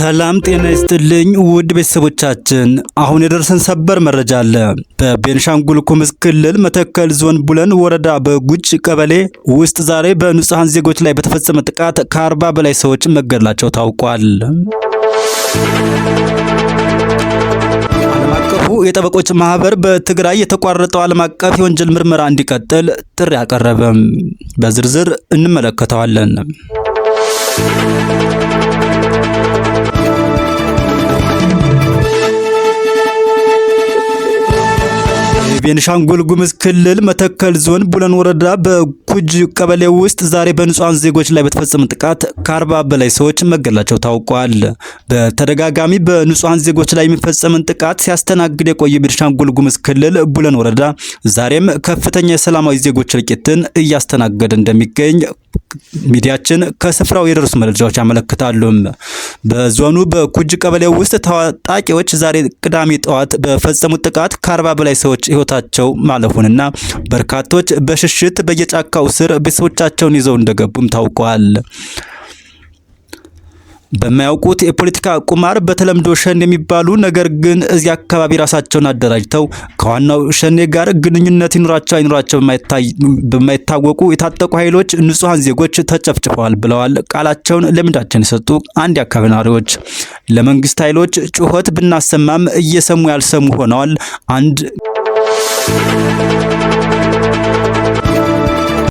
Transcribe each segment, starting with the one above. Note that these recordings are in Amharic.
ሰላም ጤና ይስጥልኝ ውድ ቤተሰቦቻችን፣ አሁን የደረሰን ሰበር መረጃ አለ። በቤንሻንጉል ጉሙዝ ክልል መተከል ዞን ቡለን ወረዳ በጉጭ ቀበሌ ውስጥ ዛሬ በንጹሐን ዜጎች ላይ በተፈጸመ ጥቃት ከአርባ በላይ ሰዎች መገደላቸው ታውቋል። የጠበቆች ማህበር በትግራይ የተቋረጠው ዓለም አቀፍ የወንጀል ምርመራ እንዲቀጥል ጥሪ አቀረበም። በዝርዝር እንመለከተዋለን። ቤንሻንጉል ጉምዝ ክልል መተከል ዞን ቡለን ወረዳ በኩጅ ቀበሌ ውስጥ ዛሬ በንጹሐን ዜጎች ላይ በተፈጸመ ጥቃት ከአርባ በላይ ሰዎች መገላቸው ታውቋል። በተደጋጋሚ በንጹሐን ዜጎች ላይ የሚፈጸምን ጥቃት ሲያስተናግድ የቆየ ቤንሻንጉል ጉምዝ ክልል ቡለን ወረዳ ዛሬም ከፍተኛ የሰላማዊ ዜጎች እልቂትን እያስተናገደ እንደሚገኝ ሚዲያችን ከስፍራው የደረሱ መረጃዎች ያመለክታሉም በዞኑ በኩጅ ቀበሌ ውስጥ ታጣቂዎች ዛሬ ቅዳሜ ጠዋት በፈጸሙት ጥቃት ከአርባ በላይ ሰዎች ህይወታቸው ማለፉንና በርካቶች በሽሽት በየጫካው ስር ቤተሰቦቻቸውን ይዘው እንደገቡም ታውቋል። በማያውቁት የፖለቲካ ቁማር በተለምዶ ሸኔ የሚባሉ ነገር ግን እዚህ አካባቢ ራሳቸውን አደራጅተው ከዋናው ሸኔ ጋር ግንኙነት ይኖራቸው አይኖራቸው በማይታወቁ የታጠቁ ኃይሎች ንጹሐን ዜጎች ተጨፍጭፈዋል ብለዋል ቃላቸውን ለሚዲያችን የሰጡ አንድ የአካባቢ ነዋሪዎች። ለመንግስት ኃይሎች ጩኸት ብናሰማም እየሰሙ ያልሰሙ ሆነዋል። አንድ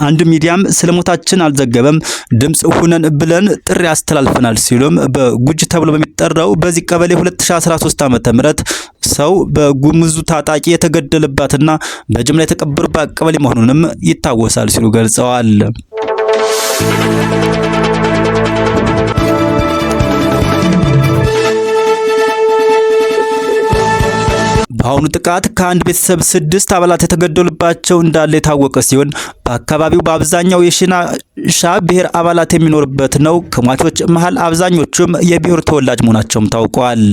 አንድ ሚዲያም ስለሞታችን አልዘገበም፣ ድምፅ ሁነን ብለን ጥሪ አስተላልፈናል ሲሉም በጉጅ ተብሎ በሚጠራው በዚህ ቀበሌ 2013 ዓ.ም ሰው በጉምዙ ታጣቂ የተገደለባትና በጅምላ የተቀበሩባት ቀበሌ መሆኑንም ይታወሳል ሲሉ ገልጸዋል። በአሁኑ ጥቃት ከአንድ ቤተሰብ ስድስት አባላት የተገደሉባቸው እንዳለ የታወቀ ሲሆን በአካባቢው በአብዛኛው ሻ ብሔር አባላት የሚኖርበት ነው። ከሟቾች መሀል አብዛኞቹም የብሔሩ ተወላጅ መሆናቸውም ታውቋል።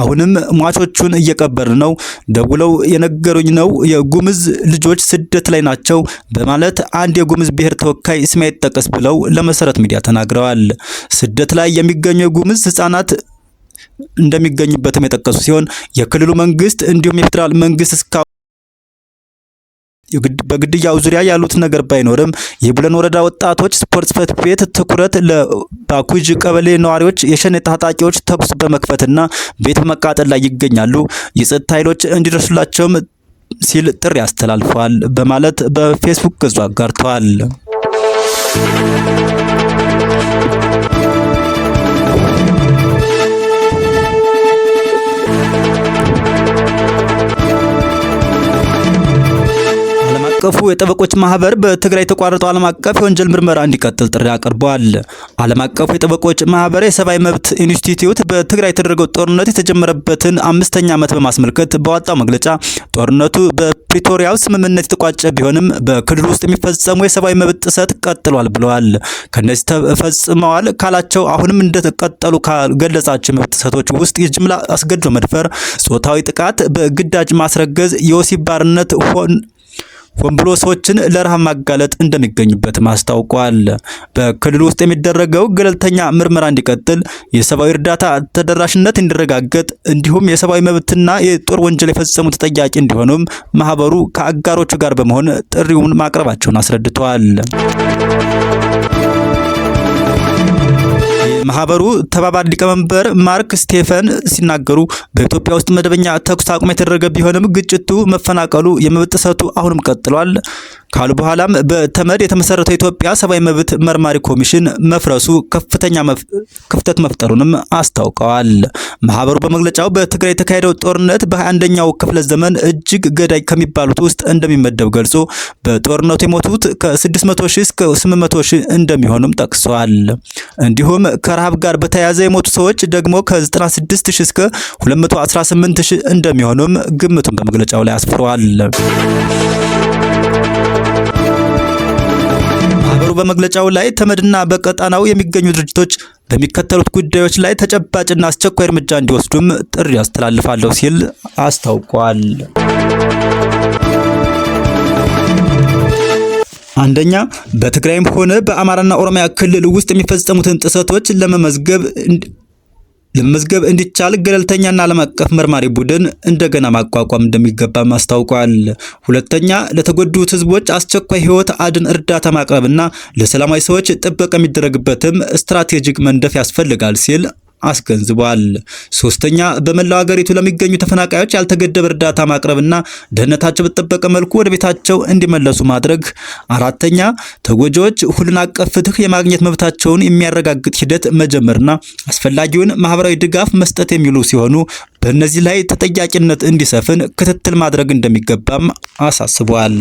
አሁንም ሟቾቹን እየቀበርን ነው። ደውለው የነገሩኝ ነው የጉምዝ ልጆች ስደት ላይ ናቸው በማለት አንድ የጉምዝ ብሔር ተወካይ ስሜ አይጠቀስ ብለው ለመሰረት ሚዲያ ተናግረዋል። ስደት ላይ የሚገኙ የጉምዝ ህጻናት እንደሚገኙበትም የጠቀሱ ሲሆን የክልሉ መንግስት እንዲሁም የፌዴራል መንግስት እስካሁን በግድያው ዙሪያ ያሉት ነገር ባይኖርም የቡለን ወረዳ ወጣቶች ስፖርት ጽሕፈት ቤት ትኩረት ለባኩጅ ቀበሌ ነዋሪዎች የሸኔ ታጣቂዎች ተኩስ በመክፈትና ቤት በመቃጠል ላይ ይገኛሉ። የጸጥታ ኃይሎች እንዲደርሱላቸውም ሲል ጥሪ አስተላልፏል በማለት በፌስቡክ ገጹ አጋርተዋል። አቀፉ የጠበቆች ማህበር በትግራይ የተቋረጠው ዓለም አቀፍ የወንጀል ምርመራ እንዲቀጥል ጥሪ አቅርቧል። ዓለም አቀፉ የጠበቆች ማህበር የሰብአዊ መብት ኢንስቲትዩት በትግራይ የተደረገው ጦርነት የተጀመረበትን አምስተኛ ዓመት በማስመልከት በወጣው መግለጫ ጦርነቱ በፕሪቶሪያው ስምምነት የተቋጨ ቢሆንም በክልሉ ውስጥ የሚፈጸሙ የሰብአዊ መብት ጥሰት ቀጥሏል ብለዋል። ከነዚህ ተፈጽመዋል ካላቸው አሁንም እንደተቀጠሉ ካገለጻቸው የመብት ጥሰቶች ውስጥ የጅምላ አስገድዶ መድፈር፣ ጾታዊ ጥቃት፣ በግዳጅ ማስረገዝ፣ የወሲብ ባርነት ሆን ሆምብሎሶችን ለረሃብ ማጋለጥ እንደሚገኙበትም አስታውቋል። በክልሉ ውስጥ የሚደረገው ገለልተኛ ምርመራ እንዲቀጥል፣ የሰብአዊ እርዳታ ተደራሽነት እንዲረጋገጥ እንዲሁም የሰብአዊ መብትና የጦር ወንጀል የፈጸሙ ተጠያቂ እንዲሆኑም ማህበሩ ከአጋሮቹ ጋር በመሆን ጥሪውን ማቅረባቸውን አስረድተዋል። የማህበሩ ተባባሪ ሊቀመንበር ማርክ ስቴፈን ሲናገሩ በኢትዮጵያ ውስጥ መደበኛ ተኩስ አቁም የተደረገ ቢሆንም ግጭቱ፣ መፈናቀሉ፣ የመብት ጥሰቱ አሁንም ቀጥሏል። ካሉ በኋላም በተመድ የተመሰረተው ኢትዮጵያ ሰብአዊ መብት መርማሪ ኮሚሽን መፍረሱ ከፍተኛ ክፍተት መፍጠሩንም አስታውቀዋል። ማህበሩ በመግለጫው በትግራይ የተካሄደው ጦርነት በ21ኛው ክፍለ ዘመን እጅግ ገዳይ ከሚባሉት ውስጥ እንደሚመደብ ገልጾ በጦርነቱ የሞቱት ከ600 ሺህ እስከ 800 ሺህ እንደሚሆኑም ጠቅሷል። እንዲሁም ከረሃብ ጋር በተያያዘ የሞቱ ሰዎች ደግሞ ከ96 ሺህ እስከ 218 ሺህ እንደሚሆኑም ግምቱን በመግለጫው ላይ አስፍሯል። ማህበሩ በመግለጫው ላይ ተመድና በቀጣናው የሚገኙ ድርጅቶች በሚከተሉት ጉዳዮች ላይ ተጨባጭና አስቸኳይ እርምጃ እንዲወስዱም ጥሪ አስተላልፋለሁ ሲል አስታውቋል። አንደኛ፣ በትግራይም ሆነ በአማራና ኦሮሚያ ክልል ውስጥ የሚፈጸሙትን ጥሰቶች ለመመዝገብ ለመመዝገብ እንዲቻል ገለልተኛና ዓለም አቀፍ መርማሪ ቡድን እንደገና ማቋቋም እንደሚገባም አስታውቋል። ሁለተኛ ለተጎዱት ህዝቦች አስቸኳይ ህይወት አድን እርዳታ ማቅረብና ለሰላማዊ ሰዎች ጥበቃ የሚደረግበትም ስትራቴጂክ መንደፍ ያስፈልጋል ሲል አስገንዝቧል። ሶስተኛ በመላው ሀገሪቱ ለሚገኙ ተፈናቃዮች ያልተገደበ እርዳታ ማቅረብና ደህንነታቸው በተጠበቀ መልኩ ወደ ቤታቸው እንዲመለሱ ማድረግ። አራተኛ ተጎጂዎች ሁሉን አቀፍ ፍትህ የማግኘት መብታቸውን የሚያረጋግጥ ሂደት መጀመርና አስፈላጊውን ማህበራዊ ድጋፍ መስጠት የሚሉ ሲሆኑ በእነዚህ ላይ ተጠያቂነት እንዲሰፍን ክትትል ማድረግ እንደሚገባም አሳስቧል።